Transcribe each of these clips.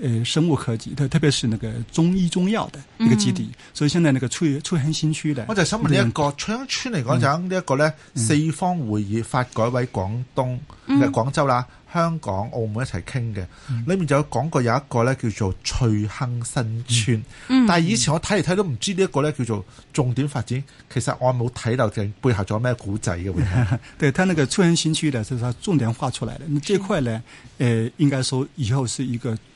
呃生物科技，特特別是那個中醫中藥的一個基地，嗯、所以現在那個翠翠亨新區咧，我就想問你一個，翠亨村嚟講，嗯這個、呢一個咧四方會議，發改委、廣東、廣、嗯呃、州啦、香港、澳門一齊傾嘅，裏面就有講過有一個咧叫做翠亨新村，嗯、但係以前我睇嚟睇都唔知道這呢一個咧叫做重點發展，其實我冇睇到嘅背後仲有咩古仔嘅。對他那個翠亨新區咧，就是他重點劃出來的，那這塊呢誒、呃，應該說以後是一個。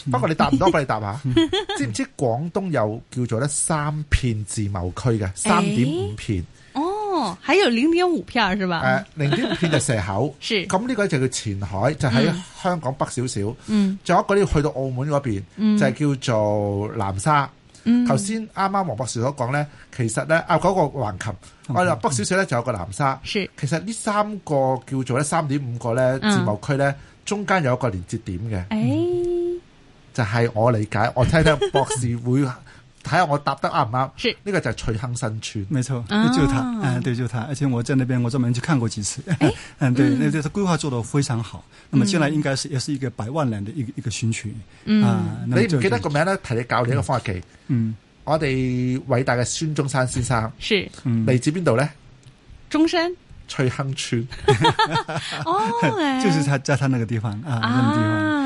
不過你答唔多俾你答下。 知唔知廣東有叫做咧三片自貿區嘅三點五片，欸？哦，喺有零點五片是吧？誒、呃，零點五片就蛇口，咁 呢個就叫前海，就喺香港北少少。嗯，仲有一個咧去到澳門嗰邊、嗯、就是、叫做南沙。嗯，頭先啱啱王博士所講呢，其實呢，啊嗰、嗰個橫琴，我、嗯嗯、北少少呢，就有個南沙。是，其實呢三個叫做呢三點五個呢自貿區呢，嗯、中間有一個連接點嘅。誒、欸。嗯就係、是、我理解， 我聽聽博士會睇下我答得啱唔啱？呢、 這個就係翠亨新村，沒錯。你、哦、照、嗯、對，就他而且我在那邊我專門去看過幾次。哎、 對，那、嗯、啲規劃做得非常好。那麼將來應該是、嗯、也是一個百萬人的一個一個新區。嗯，啊那就是、你唔記得個名咧？提你教你一個方法記、嗯。我哋偉大嘅孫中山先生，是嚟、嗯、自邊度咧？中山翠亨村，哦 ，oh, okay. 就是他在他那個地方啊，那個地方。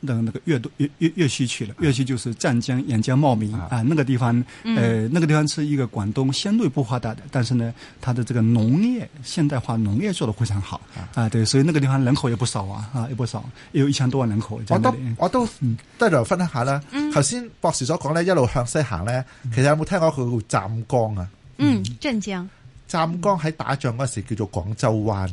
越那個粵東粵粵粵西去了，粵西就是湛江、陽江、茂名啊，啊，那個地方，誒、嗯呃，那個地方是一個廣東相對不發達的，但是呢，它的這個農業現代化農業做得非常好啊，啊，對，所以那個地方人口也不少啊，啊，也不少，也有一千多萬人口在那裏。我都我都，嗯，得嚟，分享下啦。頭、嗯、先博士所講呢，一路向西行呢，其實有冇聽講佢叫湛江啊？嗯，湛江。湛江喺打仗嗰時叫做廣州灣。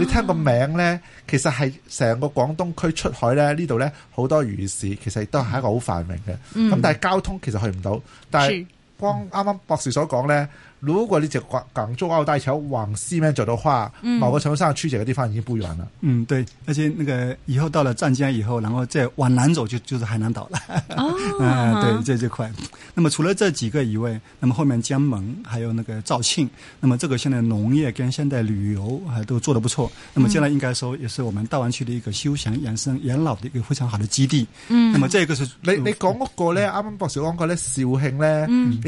你聽個名咧，其實係成個廣東區出海咧，呢度咧好多漁市，其實都係一個好繁榮嘅。咁、嗯、但係交通其實去唔到，但係。嗯、光啱啱博士所講呢，如果你就港珠澳大橋往西面走嘅話、嗯，某個上沙區嘅地方已經不遠了。嗯，對，而且那個以後到了湛江以後，然後再往南走就就是海南島了。嗯、哦 啊，對，這這塊、哦。那麼除了這幾個以外，那麼後面江門還有那個肇慶，那麼這個現在農業跟現代旅遊還都做得不錯、嗯。那麼將來應該說也是我們大灣區的一個休閒養生、養老的一個非常好的基地。嗯。那啊，即係是你你講嗰呢？咧，啱啱博士講嗰咧，肇慶呢？嗯。剛剛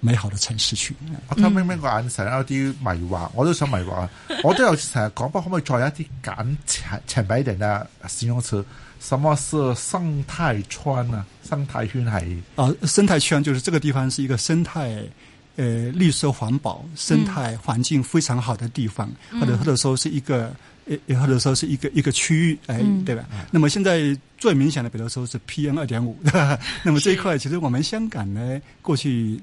美好的城市去，嗯、我明明個眼神有啲迷惑，我都想迷惑 我都有講過，可唔可以再一啲簡淺淺啲定啊？形容詞，什麼是生態圈啊？生態圈係啊，生態圈就是這個地方是一個生態誒、呃、綠色環保生態環境非常好的地方，或，嗯、者或者說是一個誒或者說是一個一個區域誒，哎嗯，對吧？那麼現在最明顯的，比如說是 P M 二點五， 那麼這一塊其實我們香港咧過去。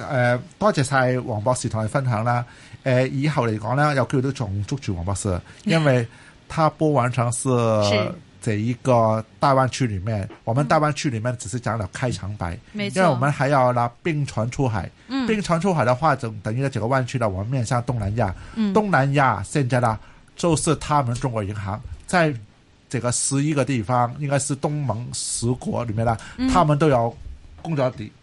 誒、呃，多謝晒王博士同你分享啦。誒、呃，以後嚟講呢，有機會都重捉住王博士，因為他不完全是這一個大灣區裏面，我們大灣區裏面只是講了開場白，因為我們還要啦，併船出海。冰、嗯、併船出海的話，就等於整個灣區咧，我們面向東南亞。嗯、東南亞現在咧，就是他們中國銀行在這個十一個地方，應該是東盟十國裏面啦、嗯，他們都有工作地